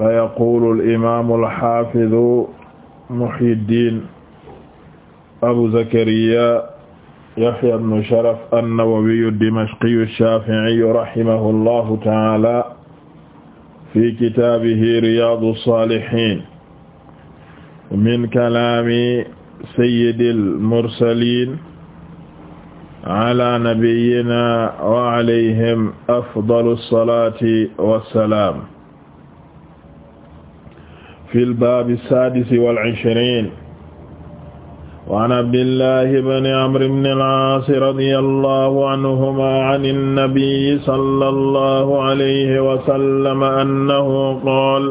fa yaqulu alimamu alxafidu muhyiddin abu zakariya yahya ibnu sharaf annawawiyu dimashqiyu shafi'iyu rahimahu allahu taala fi kitaabihi riyaadu saalihiin min kalaami sayyidil mursaliin alaa nabiyyinaa wa alayhim afdalu salaati wa salaam fi lbaabi sadisi wal ishriin waan abdillah ibn amr ibn al-aas radiyallahu anhuma an an-nabiy sallallahu alayhi wa sallam annahu qaala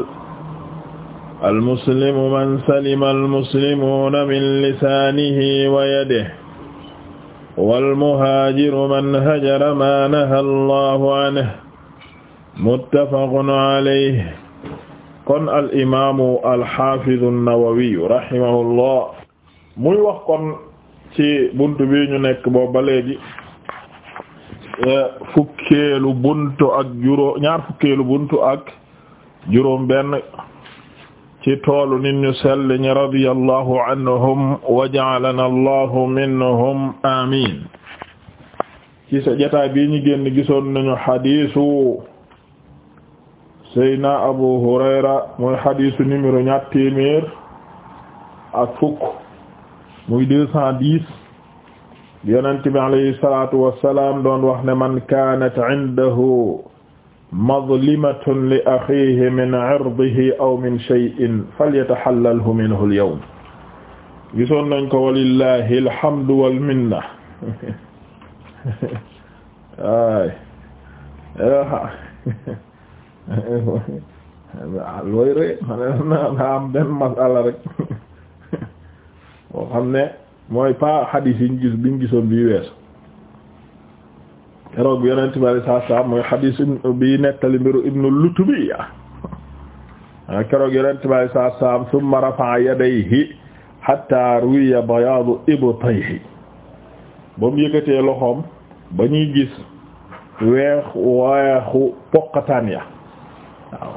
al-muslimu man salima al-muslimuuna min lisaanihi wa yadihi wal muhaajiru man hajara maa nahaa Allahu anhu muttafaqun alayhi kon al imaamu al xaafizu an-Nawawi rahimahullah muy wax kon ci buntu bi ñu nekk boobu ba léegi eh, fukkeelu ak juróom ñaar fukkeelu buntu ak juróom benn ci toolu nit ñu sell ñi radiyallahu anhum wa allahu minhum amiin ci sa jotaay bi ñu génn gisoon nañu xadiisu Seydina Abu Hurayra mooy xadiisu numéro ñaar téeméer ak fukk muy deux cent dix yonent bi alayhi salaatu wassalaam doon wax ne man kaanat indahu mazlimatun li axiihi min irdihi aw min shay'in falyatahallalhu minhu al-yawm gisoon nañ ko walillahi alhamdu wal minna ay looy ree man am benn masala rek boo xam ne mooy pas xadiis yi gis biñ gisoon bii weesu keroog yonent bi sallallahu mooy xadiis bi nettali mbiru ibnu Lutbiya ah, keroog yonent bi sallallahu alayhi wasallam thumma rafa'a yadayhi hatta ruwiya bayaadu ibtayhi ba mu yëkkatee loxoom ba ñuy gis weex weexu poqataan ya waaw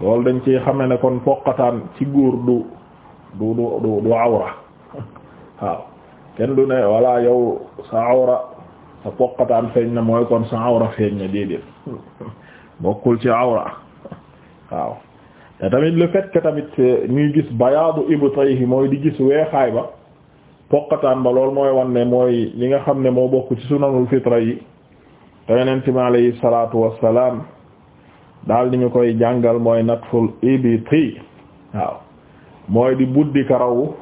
loolu dañ ci xame ne kon poqataan ci góor du du du du awra waaw kenn du ne walla yow sa awra sa poqataan feeñ na mooy kon sa awra feeñ na déedéet bokkul ci awra waaw te tamit le fait tamit eh, ñuy gis bayaadu ibtayhi mooy di gis weexaay ba poqataan ba loolu mooy wan mooy li nga xam ne moo bokk ci sunanul fitra yi te yeneen mi alayhi salaatu wassalaam daal di ñu koy jàngal mooy natful ibiti waaw mooy di buddi karawu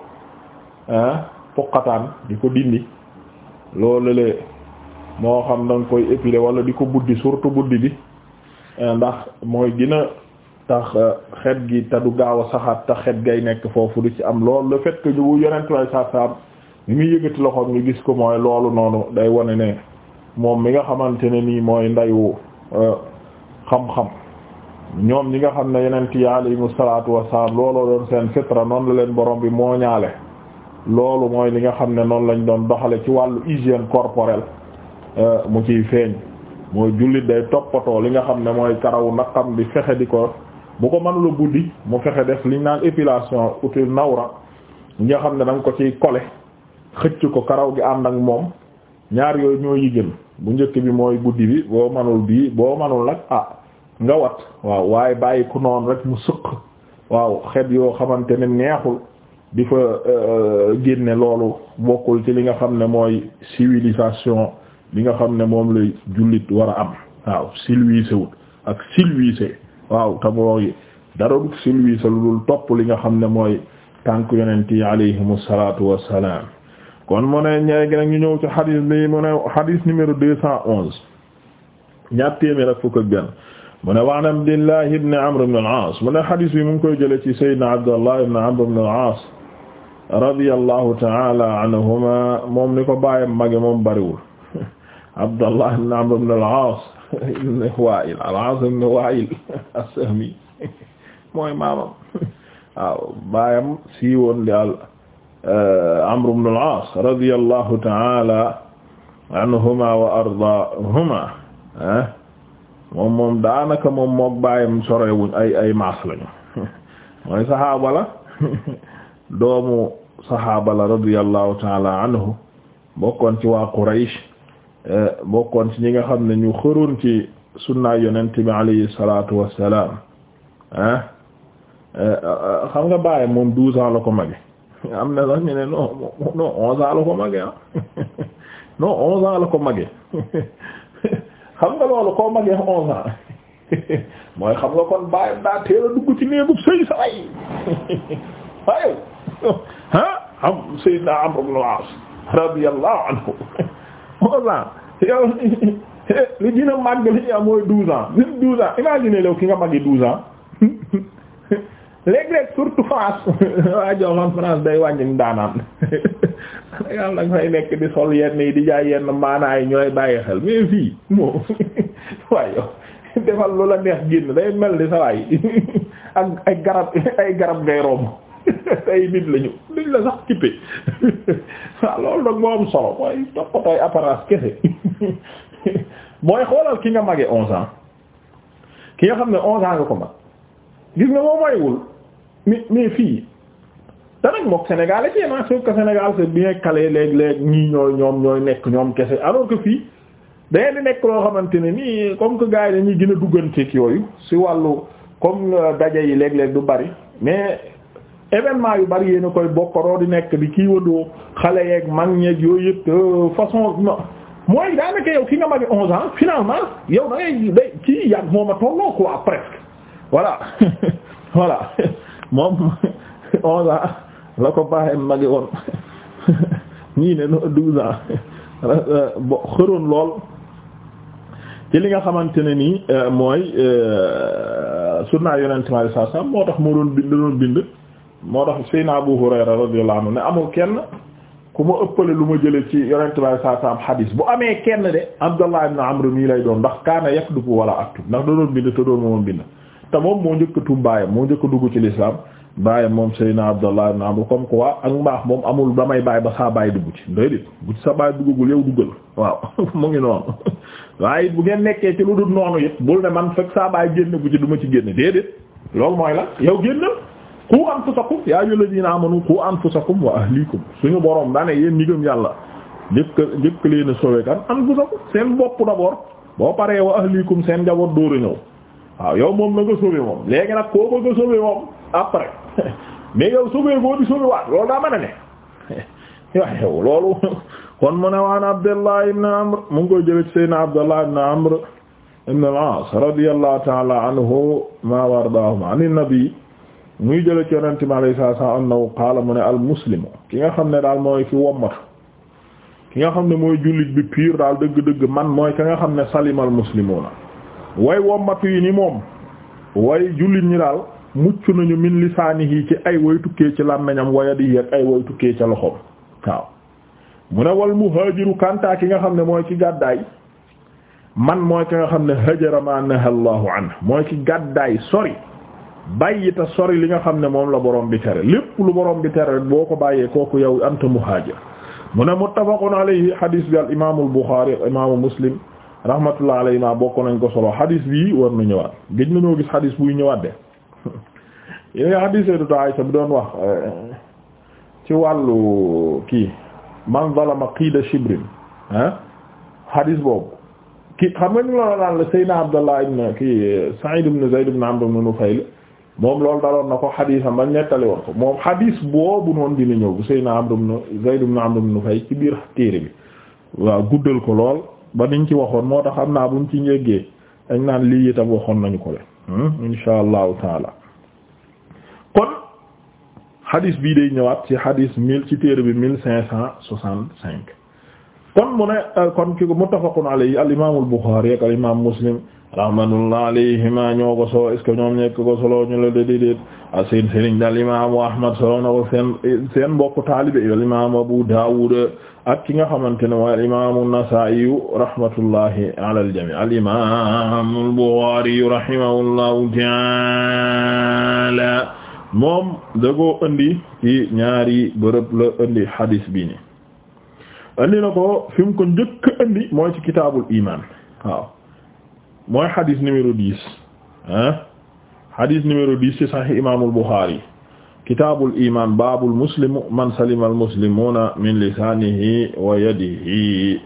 puqataan di ko dindi loolu le moo xam danga koy épiler wala di ko buddi surtout buddi bi ndax mooy gën a tax euh, xet gi te du gaaw a saxaat te xet gay nekk foofu du ci am loolu le fait que ñu bu yonent way sa saam muy yëgati loxoom ñu gis ko mooy loolu noonu day wane ne moom mi nga xamante ne nii mooy ndayu euh, xam-xam ñoom li nga xam ne yeneen yenent yi mu salaatu wassalaam looloo doon seen fitra noon la leen borom bi moo ñaale loolu mooy li nga xam ne noonu lañ doon doxale ci wàllu hygiène corporelle euh, mu ciy feeñ mooy jullit day toppatoo li nga xam ne mooy karawu naqam bi fexe di ko bu ko mënula guddi mu fexe def liñ naan épilation outil nawra ñi nga xam ne da ko ci kole xëcc ko karaw gi ànd ak moom ñaar yooyu ñoo yi bu njëkk bi mooy guddi bi boo manul bii boo manul nga wat waaw waaye bàyyi ku noonu rek mu sëq waaw xet yoo xamante ne neexul di fa euh, génne loolu bokkul ci li nga xam ne mooy civilisation li nga xam ne moom lay jullit war am waaw civilisé ak civilisé waaw te mooy dara du civilisé lu dul topp li nga xam ne mooy tànk yonent yi alayhimu salaatu wassalaam kon mu ne ñeegi nag ñu ñëw ci xadiis bi mu ne xadiis numéro deux cent onze ñaar téeméer ak fukk ak mu ne waan Abdullah ibn Amr ibn al-As mu ne xadis bi mu ngi koy jëlee ci Seydina Abdullah ibn Amr ibn al-As radiyallahu ta'ala anhuma moom ni ko bàyyam mage moom bariwul Abdullah ibn Amr ibn al-As ibn Wa'il al-As ibn Wa'il as-Sahmi mooy maamam waaw bàyyam sii woon di al eh, Amr ibn al-As radiyallahu ta'ala anhuma wa ardaahuma eh. moom moom daanaka moom mook baayam sorewuñ ay ay maas lañu mooy saxaaba doomu saxaaba la radiyallahu taala anhu bokkoon ci waa Quraysh eh, bokkoon ci ñi nga xam ne ñu xëroon ci sunna yonent bi alayhi salatu wassalaam ah eh? eh, xam nga baayam moom douze la ko mage am na sax ne non non ko mage ah non ko mage xam nga loolu koo magee onze ans mooy xam nga kon bàyyam daa teel a dugg ci néegub sëy sa way waaye ah am Sayyidina Amr ibn al-As radiyallahu anhu yow li gën a màgg li ñu am mooy douze ans même douze ans imaginez léegi ki nga màggi douze ans léeg-léeg surtout France waa France day wàññi daanaan Sénégal da nga fay nekk di sol yenn yi di jaay yenn maanaay ñooy bàyyi xel mais fii moom waaye yow defal lu la neex génn day mel ni sa waay ak ay garab ay garab ngay romb ay nit lañu duñ la sax kippe waaw loolu nag moo solo mooy toppatooy apparence kese mooy xoolal ki nga magee onze ans ki nga xam ne onze ans nga ko mag gis nga moo maywul mais fii te nag mook Sénégal ci yéen sauf que Sénégal c'est bien calé léeg-léeg ñii ñooy ñoom ñooy nekk ñoom kese alors que fii day di nekk loo xamante ne nii comme que gars yi dañuy gën a dugganteeg yooyu si wàllu comme euh, daje yi léeg-léeg du bari mais événement yu bari yéen a koy bokkaroo di nekk di kii wandoo xale yeeg mag ñeeg yooyu yëpp euh, façon mooy daanaka yow ki nga magi onze ans finalement yow da ngay day kii yàgg moom a tolloo quoi presque voilà voilà moom onze ans la ko baaxee magi woon ñii ne no douze ans bo xëroon lool ci li nga xamante ne nii euh, mooy euh, sunna yonent mi saa saa moo tax moo doon bind doon bind moo tax Seydina Abu Hurayra radiyallahu anhu ne amul kenn ku ma ëppale lu ma jële ci yonent mi saa saa am bu amee kenn de Abdallah ibn Amr mii lay doon ndax kaana yaktubu wala aktub ndax da doon bind te doon moo bind te moom moo njëkk a tuub moo njëkk a dugg ci lislaam bàyyi moom Seydina Abdallah ibn Amr comme quoi ak mbaax moom amul damay bàyyi ba saa bàyyi dugg ci déedéet bu ci sa bàyyi duggagul yow duggal waaw mu ngi noonu waaye bu ngeen nekkee ci lu dul noonu it bul ne man fekk saa bàyyi génn gu ci du ci génne déedéet loolu mooy la yow génnal qu anfusakum yaa ayyuhal ladina amanu qu anfusakum wa ahlikum suñu borom daa ne yéen ñi gëm yàlla njëkk njëkk leen a sauvé kan anfusakum seen bopp d'abord boo paree wa ahlikum seen njaboot dóor a ñëw waaw yow moom na nga sauvé moom léegi a sauvé moom mais yow sauver boo di sauver waat loolu daa mën a ne waaye yow loolu kon mu ne waan Abdullah ibn Amr mu ngi koy jële ci Seydina Abdullah ibn Amr ibn al-As radiyallahu ta'ala anhuma wa ardaahuma an nabi muy jële ci yonente mi alayhi salaam annahu qaala mu ne al muslimu ki nga xam ne daal mooy ki wommatu ki nga xam ne mooy jullit bi pur daal dëgg-dëgg man mooy ka nga xam ne salimal muslimuna way wommatu yi ni moom way jullit ñi daal mucc nañu min lisaanihi ci ay way tukkee ci làmmeñam wa yadihi ak ay way tukkee ca loxoom waaw mu ne wal muhaajiru kanta ki nga xam ne mooy ki gàddaay man mooy ki nga xam ne hajara ma naha Allahu an mooy ki gàddaay sori bàyyi sori li nga xam ne moom la borom bi tere lépp lu borom bi tere boo ko bàyyee kooku yow anta muhaajir mu ne muttafaqun alayhi hadis bi al imaamu al Buxaari imaamu Muslim rahmatullah alayhi ma bokk nañ ko solo hadis bi war na ñëwaat gëj nañoo gis hadis buy ñëwaat de yooyu hadis Sayyidatu Aisha bi doon wax euh, ci wàllu kii man zalama qiida shibrin ah hadis boobu kii xam nga ñu la daan la Seydina Abdallah ibn kii Sa'id ibn Zayd ibn Amr ibn moom loolu daloon na ko xadisam ba nettali woon ko moom xadis boobu noonu dina ñëw bu Seydina Amr ibn ci biir téere bi waaw guddal ko lool ba niñ ci waxoon moo am naa buñ ci njëggee añ naan lii itam waxoon nañu ko le hmm? insha allahu taala xadis bii day ñëwaat ci xadis mille ci téere bi mille cinq cent soixante cinq kon mu ne euh, kon ki muttafaqun alayhi al imaamul Buxaari ak al imaam Muslim rahmatullah alayhima ñoo ko solo est ce que ñoom ñekk ko solo ñu la déedéet a ah, seen sëriñ al imaamu Ahmad solo na ko seen seen mbokk taalibe al imaamu Abu Daawud ak ki nga xamante ne mooy al imaamu Nasaa'i rahmatullahi ala al jamii al imaamul Buxaari rahimahullahu ta'ala moom dagoo indi ci ñaari bërëb la indi hadis bi ni indi na ko fi mu ko mooy ci kitaabul iman waaw mooy hadis numéro dix ah hadis numéro dix ci sahih imaamul Bukhari kitaabul iman min lisanihi wa yadihi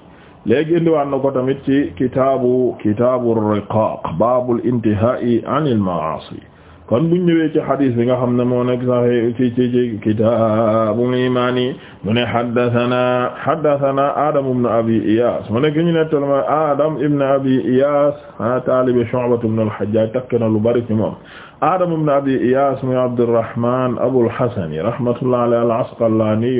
léegi indiwaat na ko tamit ci kitaabu kitaabu riqaaq baabul intihaa'i anil ma'aasi kon buñ ñëwee ci xadis bi nga xam ne moo nekk sax ci ci ci kitaabul imaan yi mu ne haddathana haddathana Adam ibn Abi Iyas mu ne ki ñu nettal ma Adam ibn Abi Iyas a taalibi Shu'ba ibn al-Hajjaj takk na lu bari ci moom Adam ibn Abi Iyas muy Abdurrahman Abul Hasan rahmatullah alayhi al-Asqalani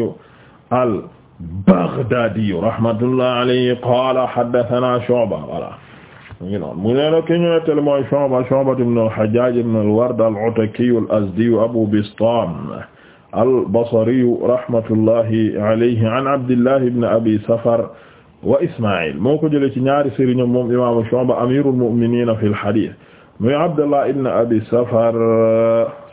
al-Baghdadi rahmatullah alayhi qala haddathana Shu'ba ngi noon mu nee na ki ñu nettali mooy Shu'ba Shu'ba ibn al-Hajjaj ibn al-Ward al-Ataki al-Azdi Abu Bistam al-Basri rahmatullahi alayhi an Abdillah ibn Abi Safar wa Isma'il moo ko jëlee ci ñaari sëriñ moom imaamu Shu'ba amirul mu'minin fi al-hadith muy Abdallah ibn Abi Safar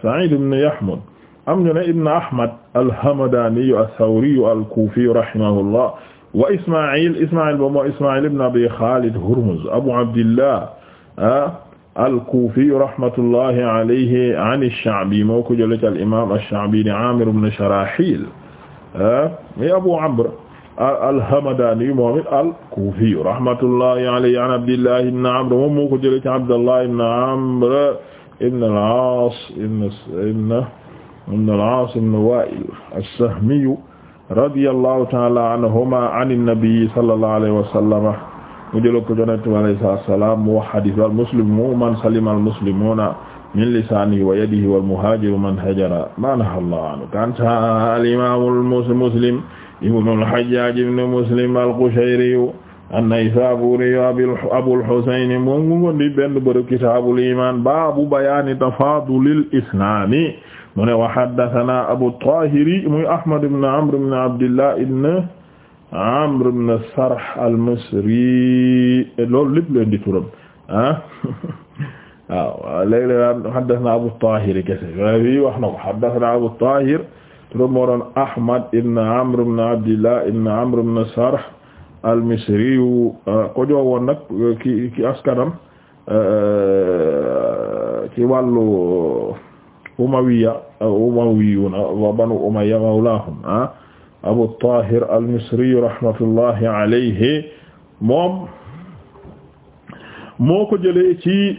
Sa'id ibn Yahmud am ñu ne ibn Ahmad al-Hamadani ath-Thawri al-Kufi rahimahullah wa Isma'il Isma'il ba moo Isma'il ibn Abi Khalid Hurmuz Abu Abdillah al-Kufi rahmatullahi alayhi an ash-Sha'bi moo ko jëlee ci al-imam ash-Sha'bi ni Amir ibn Sharahil mi Abu Amr al-Hamadani moom it al-Kufi rahmatullahi alayhi an Abdillah ibn Amr moom moo ko jëlee ci Abdallah ibn Amr ibn al-As ibn ibn al-As ibn Wa'il as-Sahmi radiyallahu ta'ala anhuma an nabi sallallahu alayhi wa sallama mu jël ko Yonent bi alayhi salaam mu wax hadiis wal muslimu man salima al muslimuuna min lisaanihi wa yadihi wal muhaajiru man hajara maa nahaa Allahu anhu kaana al imaamu muslim ibnu al hajjaaj ibnu muslim al qushayri an-Naysaburi Abul Husayn moom mu ngondi benn bërëb kitaabul iimaan baabu bayaani tafaadulil islaami mu ne wa haddathanaa Abu Taahiri muy Ahmad ibn Amr ibn Abdillah ibn Amr ibn Sarh al-Misri loolu lépp leen di turam ah waaw léeg-léeg haddathanaa Abu Taahiri kese fii wax na ko haddathanaa Abu Taahir turam moo doon Ahmad ibn Amr ibn Abdillah ibn Amr ibn Sarh al-Misri euh, ko joowoon nag euh, ki ki askanam euh, ci wàllu Umawiya Umawiyuna wa Banu Umayya mawlaahum ah Abu Tahir al-Misri rahmatullahi alayhi moom moo ko jëlee ci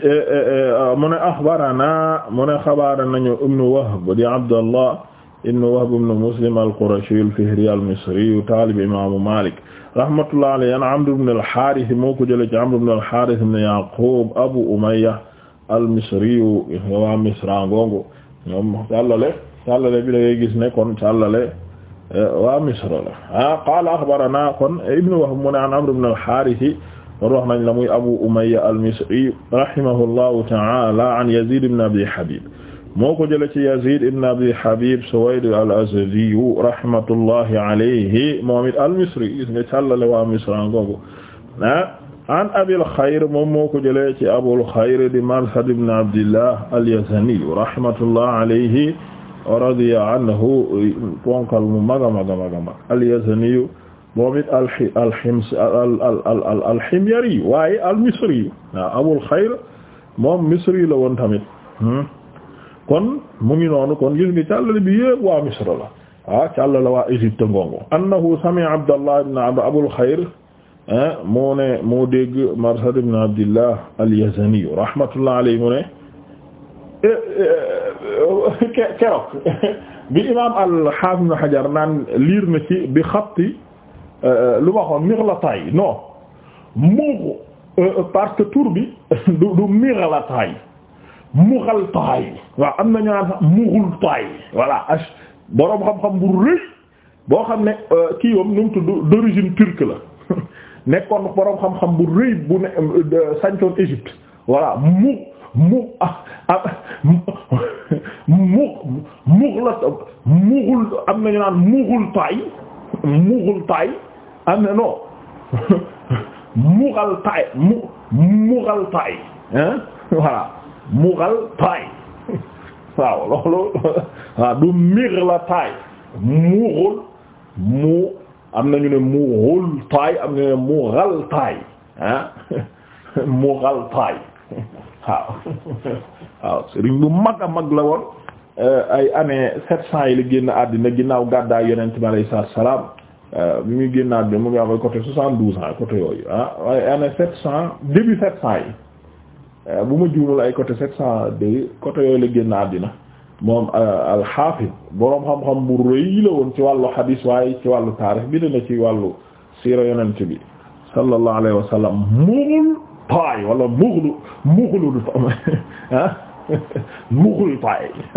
mu ne axbarana mu ne xabaara nañu ibnu Wahb di Abdallah ibnu Wahb ibnu Muslim al-Qurashi al-Fihri al-Misri taalib imaamu Maalik rahmatullah alayhi an Amr ibn al-Harith moo ko jëlee ci Amr ibn al-Harith ibn Yaqub Abu Umayya al-Misri waa Misra ngongo ñoom sàllale sàllale bi da ngay gis ne kon sàllale eh, waa Misra la ah qaala akhbarana kon Ibn Wahb mu ne an Amr ibn al-Harith kon wax nañ la muy Abu Umayya al-Misri rahimahullahu ta'ala an Yazid ibn Abi Habib moo ko jëlee ci Yazid ibn Abi Habib Suwayd al-Azdi rahmatullahi alayhi moom it al-Misri gis nga càllale waa Misra ngoogu ah an Abil Khayr moom moo ko jëlee ci Abul Khayr di Marsad ibn Abdillah al-Yazani rahmatullahi alayhi wa radiya anhu ponkal mu mag a mag a mag a mag al-Yazani moom it al-Himyari waaye al-Misri ah, Abul Khayr moom Misri la woon tamit hmm? kon mu ngi noonu kon gis ngi càllale bi yëpp waa misra la ah càllale waa Égypte ngongo annahu sami abdallah ibn abd abul xayr ah moo ne moo dégg marsad ibn rahmatullah alayhi mu ne eh, eh, bi imam al-hafiz ibn hajar naan liir na ci bi xatti eh, waxoon Mighlataay que tur bi du du Mighlataay Mughallataay waaw am na ñu naan sax Mughallataay voilà ah boroom xam-xam bu rëy boo xam ne euh, kii yom nu mu tudd d'origine turque la nekkoon boroom xam-xam bu rëy bu ne euh, sancoon Égypte voilà mu mu ah ah mu am na ñu naan Mughallataay Mughallataay am na non Mughallataay mu Mughaltay waaw loolu waaw du Mughaltay Mughal mu am nañu ne Mughaltay am nañu ne Mughaltay ah Mughaltay waaw waaw sëriñ bu mag a mag la woon euh, ay année sept li yi a génn àddina ginnaaw gàddaay yonent bi alayhi salaam euh, bi muy génn àddina mu ngi am ay côté soixante douze ans côté yooyu ah waaye année sept cent début sept cent yi Euh, bu ma juumul ay côté sept cent deux côté yooyu la génn àddina moom euh, alxaafis boroom xam-xam bu rëy la woon ci wàllu xadiis waaye ci wàllu taarix bi dina ci wàllu siira yonent bi sallallahu alayhi wa sallam mughul taay wala mughlu mughlu taay waaw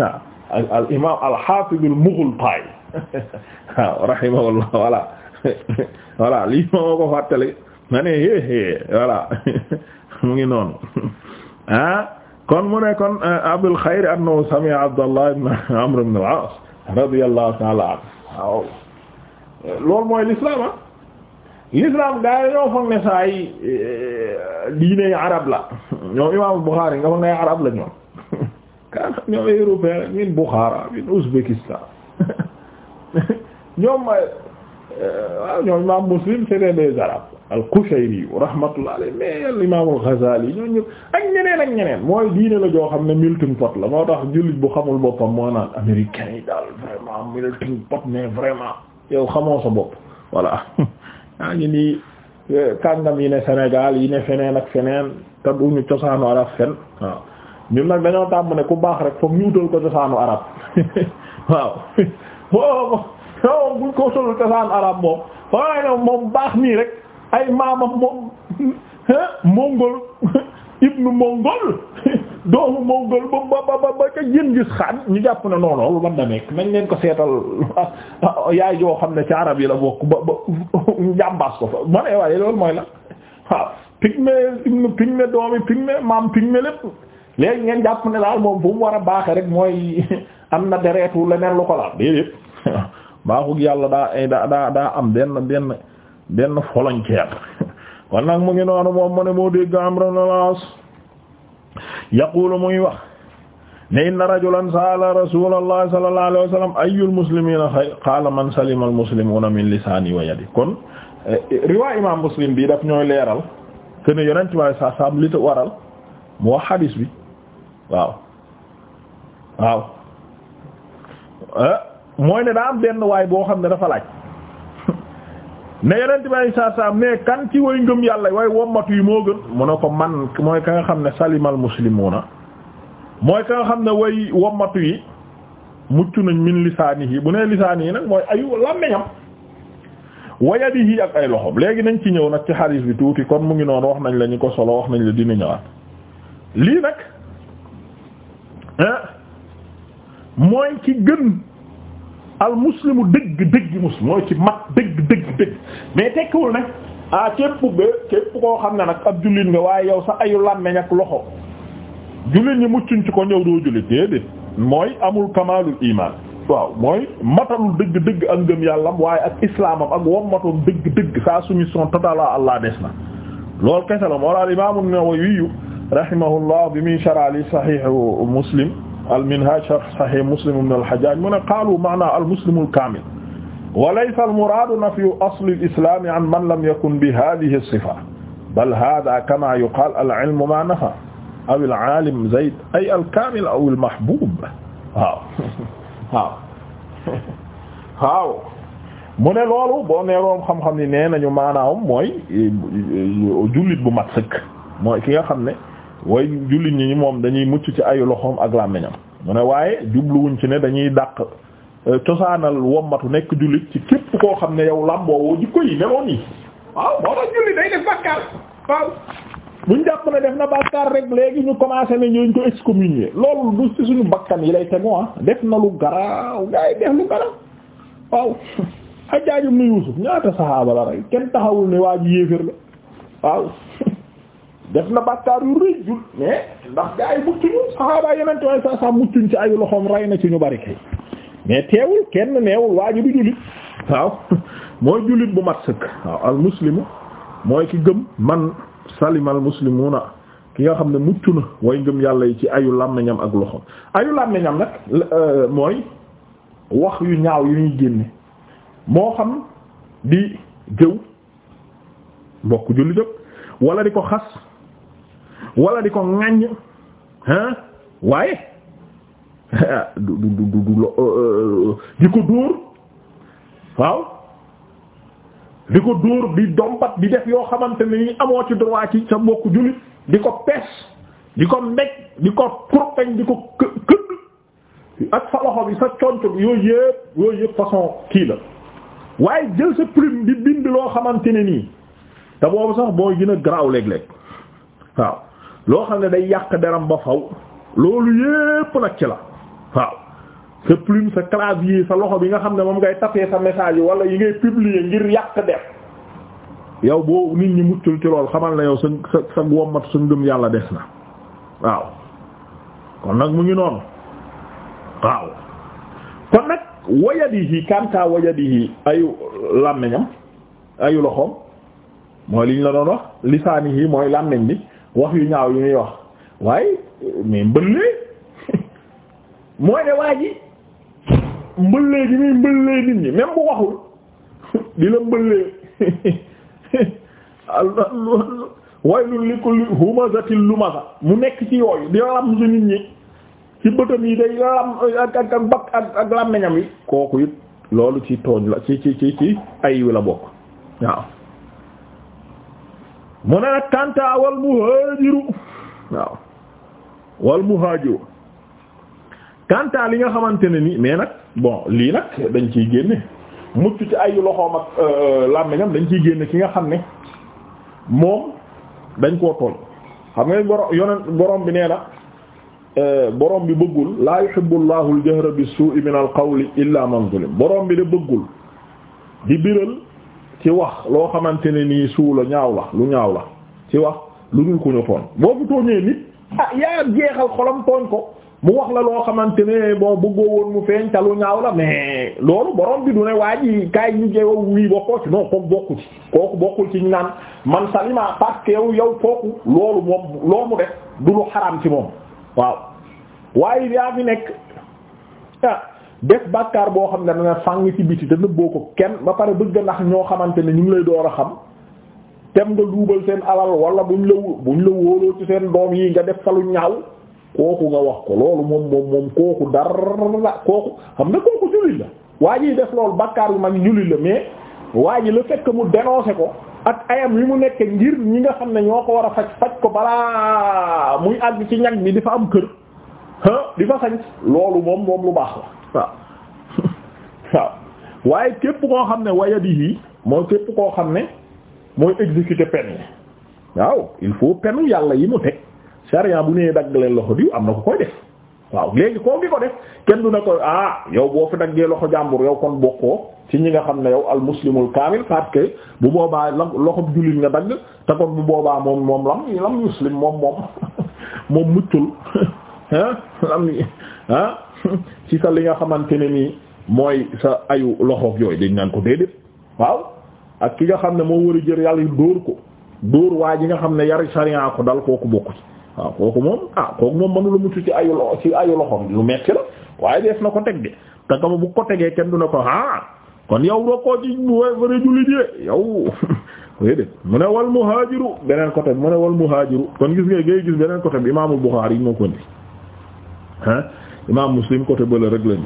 ah, ah, al imaam alxaafis mughul taay waaw rahimahullah voilà voilà lii moo ko fàttali ma ne voilà mu ngi noonu ah kon mu ne kon eh, Abul Xayr annahu sami'a Abdallah ibn Amr ibn al-As ta'ala anhu waaw mooy l'islam ah l'islam gaa ñoo foog ne saa yi eh, arab la ñoom imam Bukhari nga foog ne arab la ñoom kan ñoom européen min Bukhara min Ouzbékistan ñoom eh, waaw ñoom imam Muslim c'est des arabes al-Qushayri rahmatullah alayhi mais al imam ghazali ñoo ak ñeneen ak ñeneen mooy diine la joo xam ne melting pot la moo tax jullit bu xamul boppam moo naan américain yi daal vraiment melting pot mais vraiment yow xamoo sa bopp voilà yaa ngi nii eh, kàngam yi ne senegal yi ne feneen ak feneen te duñu cosaanu arab fen waaw ñun nag dañoo tàmm ne ku baax rek foog ñu wutal ko cosaanu arab waaw moom buñ ko wutal cosaanu arab moom waaye baax nii rek ay maamam moom mongol ibnu mongol doomu mongol ba ba ba ba ca Jingis Xaan ñu jàpp ne non loolu man nekk nañ leen ko seetal yaay yoo xam ne ci arab yi la bokk ba ba njàmbaas ko fa ma waaye loolu mooy la waaw pygmé ibnu pygmé doomi pygmé maam pygmé lépp léegi ngeen jàpp ne daal moom fu mu war a baaxe rek mooy am na dereetu leneen lu ko laal déedéet baaxul yàlla daa daa daa am benn benn. benn volontaire kon nag mu ngi noonu moom mu ne moo dégg Amr ibn al muy wax ne inna rajulan sa'ala ala sallallahu alayhi wa sallam ayyul muslimina man salima al-muslimuna min lisani wa yadi kon eh, riwaa imam muslim bi daf ñooy leeral que ne yonent bi saa saam li ta waral mu wax xadiis bi waaw waaw eh, mooy ne daa am benn waay boo xam ne dafa laaj ne yeneen may saa saa mais kan ci way ngëm yàlla way wommatu yi moo gën mu ne ko man mooy ka nga xam ne salimal muslimuna mooy ka nga xam ne way wommatu yi mucc nañ min lisaanihi bu nee yi nag mooy ayu làmmiñam wayadihi ak ay loxoom léegi nañ ci ñëw nag ci xadiis bi tuuti kon mu ngi noonu wax nañ la ñu ko solo wax nañ la dina ñëwaat lii nag ah, mooy ci gën al muslimu dëgg dëgg muslim mooy ci mat dëgg dëgg dëgg mais tekkiwul nag ah képp ba képp koo xam ne nag ab jullit nga waaye yow sa ayu làmmeñ ak loxo jullit ñi muccuñ ci ko ñëw doo jullit déedéet mooy amul kamaalul imaan waaw mooy matalul dëgg dëgg ak ngëm yàllam waaye ak islaamam ak wommatoom dëgg dëgg sa soumission totale à Allah des na loolu kese la moo daal imaamu Nawawi rahimahullah bi muy sharali sahihu muslim al-Minhaj sharh Sahih Muslim ibn al-Hajjaj mu ne qaalu maanaa al-muslimu al-kaamil wa laysa al-muraadu nafyu asli al-islaami an man lam yakun bi haadhihi as-sifa bal haadaa kamaa yuqaalu al-ilmu maa nafaa aw al-aalim Zayd ay al-kaamil aw al-mahbuub waaw waaw waaw mu ne loolu boo neeroom xam-xam ni nee nañu maanaam mooy eh, eh, jullit bu mat sëkk mooy ki nga xam ne. way jullit ñi moom dañuy mucc ci ayu loxoom ak làmmiñam mu ne waaye jubluwuñ ci ne dañuy dàq euh, cosaanal wommatu nekk jullit ci képp koo xam ne yow làmboo woo jikko yi meloon yi waaw moo tax jullit day def bàkkaar rek léegi ñu commencé ne ñooñ ko excommunier loolu du suñu bakkan yi lay tegu ah. def na lu garaaw gaa yi def lu garaaw waaw Hajjaaj ibn Yuusuf ñaata saxaaba la kenn taxawul ne waa ji yéeféer la waaw def na bàkkaar yu rëy jul mais ndax gaa yi mucc ñu saxaaba yenente way sa muccuñ ci ayu loxoom rey na ci ñu bari kay mais teewul kenn neewul waa ji jullit waaw mooy jullit bu mat sëkk waaw al muslimu mooy ki gëm man salimal muslimuna ki nga xam ne mucc na way ngëm yàlla yi ci ayu làmmiñam ak loxoom ayu làmmiñam nag euh, mooy wax yu ñaaw yu ñuy génne moo xam di jëw mbokk jullit wala di ko xas wala di ko ŋaññ ah waaye du du du du euh, euh, di ko dóor waaw di ko dóor bi dompat di def yoo xamante ne ni amoo ci droit ci sa mbokku jullit di ko pes di ko mbéj di ko kurpeñ di ko kë këdd ak sa loxo bi sa conco bi yooyu yëpp yooyu yëpp façon kii la waaye jël sa plume di bind loo xamante ne nii te boobu sax booy gën a garaaw léeg-léeg waaw loo xam ne day yàq deram ba faw loolu yépp nag ci la waaw sa plume sa clavier sa loxo bi nga xam ne moom ngay tapé sa message yi wala yi ngay publier ngir yàq der yow boo nit ñi muccul ci lool xamal na yow sa sa sa wommat sa ngëm yàlla des na waaw kon nag mu ngi noonu waaw kon nag wayadihi kanta wayadihi ayu làmmiñam ayu loxoom mooy liñ la doon wax lisaanihi mooy làmmeñ bi wax yu ñaaw yu ñuy wax waaye mais mbëllee mooy ne waa ji mbëllee gi muy mbëllee nit ñi même bu waxul di la mbëllee waylul li kulli humazatil lumaza mu nekk ci yooyu di lam su nit ñi ci bëtam yi day lam ak ak ak bakk ak ak làmmiñam yi kooku it loolu ci tooñ la ci ci ci ci ay wi la bokk waaw mu ne nag kanta wal muhaajiru waaw wal kanta li nga xamante ne ni mais nag bon lii nag dañ ciy génne mucc ci ay loxoom ak euh, euh, làmmiñam dañ ciy génne ki nga xam ne moom dañ ko toll xam nga borom yonent borom bi nee euh, borom bi bëggul laa yuhibbu llahu al-jahra bis-suu'i min al illa man zulim borom bi de bëggul di biral ci wax loo xamante ne nii suu ñaaw la lu ñaaw la ci wax lu dul ku ñu foon boo ko tooñee nit ah yaa jeexal xolam tooñ ko mu wax la loo xamante ne bon bëggoo woon mu feeñ te lu ñaaw la mais loolu boroom bi du ne waa ji kaay ñu jeewa wii bokkoo ci non kooku bokku ci kooku bokkul ci ñu naan man salima parce que yow yow kooku loolu moom loolu mu de du lu xaraam ci moom waaw waaye yaa fi nekk ah, def bàkkaar boo xam ne dana fàng ci biti te nëbboo ko kenn ba pare bëgg ndax ñoo xamante ne ñu ngi lay door a xam tem nga luubal seen alal wala buñ la buñ la wóoloo ci seen doom yi nga def fa lu ñaaw kooku nga wax ko loolu moom moom moom kooku dara kooku xam ne kooku jullit la waa ji def loolu bàkkaar yu mag jullit la mais waa ji la fekk mu dénoncé ko ak ayam yi mu nekk ngir ñi nga xam ne ñoo ko war a faj faj ko balaa muy àgg ci ñag bi di fa am kër ah di fa sañ lu baax waaw waaye képp koo xam ne wayadihi moo képp koo xam ne mooy exécuter peine yi waaw il faut peine yàlla yi mu teg sariya bu nee dagg leen loxo diw am na ko koy def waaw léegi koo ngi ko def kenn du ne ko ah yow boo fi daggee loxo jàmbur yow kon bokkoo ci ñi nga xam ne yow al muslimul kaamil parce bu boobaa loxo jullit nga dagg te kon bu boobaa moom moom lam lam muslim moom moom muccul ah lam ci sa li nga xamante ne nii mooy sa ayu loxoog yooyu dañ naan ko déedéet waaw ak ki nga xam ne moo war a jër yàlla dóor ko dóor waa ji nga xam ne yari sariya ko dal kooku bokku ci waaw kooku moom ah kooku moom mënu la mucc ci ayu lo ci ayu loxoom lu metti la waaye def na ko teg de te ma bu ko tegee kenn du na ko ah kon yow rokkoo ci wara julli dee yow déedéet mu ne wal muhaajiru beneen côté mu ne wal muhaajiru kon gis nga ngay beneen côté bi imaamul Buxaari yi moo ko imaam muslim côté bële rek lañ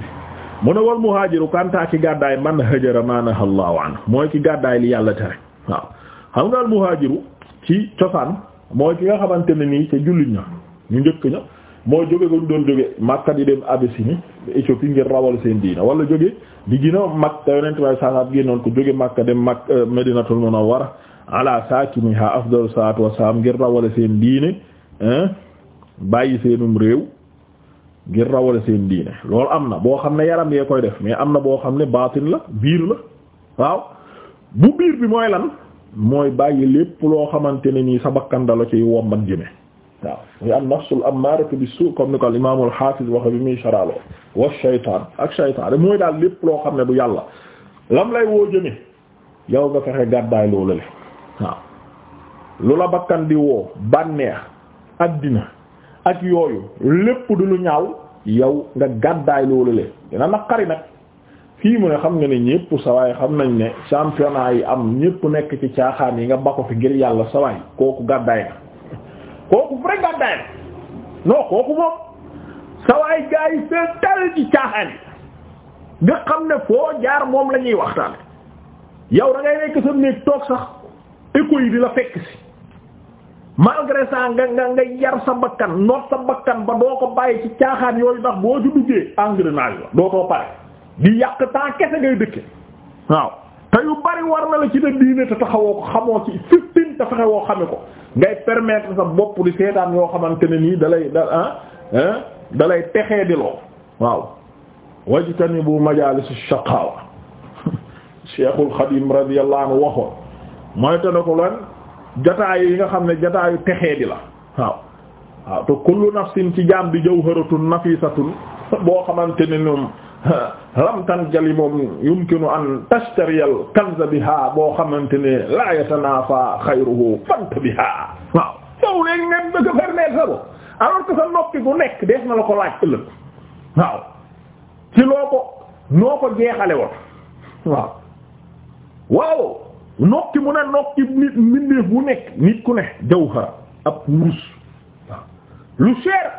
mu ne wal muhaajiru kantaa ki gàddaay man hajara ma nahallaahu anhu mooy ki gàddaay li yàlla tere waaw xam nga al muhaajiru ci cosaan mooy ki nga xamante ne nii ca jullit ña ñu njëkk ña mooy jóge ko doon jóge Makka di dem Abyssinie Éthiopie ngir rawal seen diina wala jóge di gën a mag te yonent bi saasaat génnoon ko jóge Makka dem Makka euh, Madinatul Munawwara ala saakinihaa afdalu salaatu wassalaam ngir rawale seen diine bàyyi seenum réew ngir rawale seen diine loolu am na boo xam ne yaram yee koy def mais am na boo xam ne baatin la biir la waaw bu biir bi mooy lan mooy bàyyi lépp loo xamante ne nii sa bakkan ci ciy wommat jëme waaw muy am nafsul ammaaratu bisu comme ni ko al imaamul xaafis waxe bi muy saraloo wa shaytaan ak shaytaan mooy daal lépp loo xam ne du yàlla lam lay woo jëme yow nga fexe gàddaay loolu le waaw lu la bakkan di woo bànneex àddina ak yooyu lépp du lu ñaaw yow nga gàddaay loolu le dina naqari nag fii mu ne xam nga ne ñépp sawaay xam nañ ne championnat yi am ñépp nekk ci caaxaan yi nga bako fi ngir yàlla sawaay kooku gàddaay na kooku vrai gàddaay na non kooku moom sawaay gaa yi seen tal ci caaxaan yi nga xam ne foo jaar moom la ñuy yow da nekk sa néeg toog sax écho yi di la fekk si malgré ça nga nga nga yar sa bakkan noot sa bakkan ba doo ko bàyyi ci caaxaan yooyu ndax boo ci duggee engrenage la doo too pare di yàq temps kese ngay dëkke waaw te yu bari war na la ci da diine te taxawoo ko xamoo ci fiftin te fexewoo xame ko ngay permettre sa bopp di seetaan yoo xamante ne nii dalay da dalay ah, ah, texee di loo waaw wajtanibu majalis ash-shaqawa Cheikhul Khadim radiyallahu anhu waxoon mooy te ne ko lan jataayu yi nga xam ne jataayu texee di la waaw waaw te kullu nafsin ci jaam bi jawharatun nafisatun boo xamante ne ñoom lam tanjali moom yumkinu an tastariyal kanza biha boo xamante ne la yatanafa xayruhu fant biha waaw yow léegi nga bëgg a permettre sa bo alors que sa noppi gu nekk dees na la ko laaj ëllëg waaw ci loo ko noo ko jeexale woon waaw waaw nokki mu ne nokki nit bu nekk nit ku ne jawhara ab wurus lu cher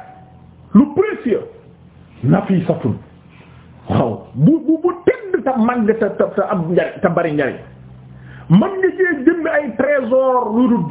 lu précieux nafisatun waaw bu bu bu tedd ta màgg ta ta ta njariñ ta bari njariñ mën nga cee jënd ay trésor lu dul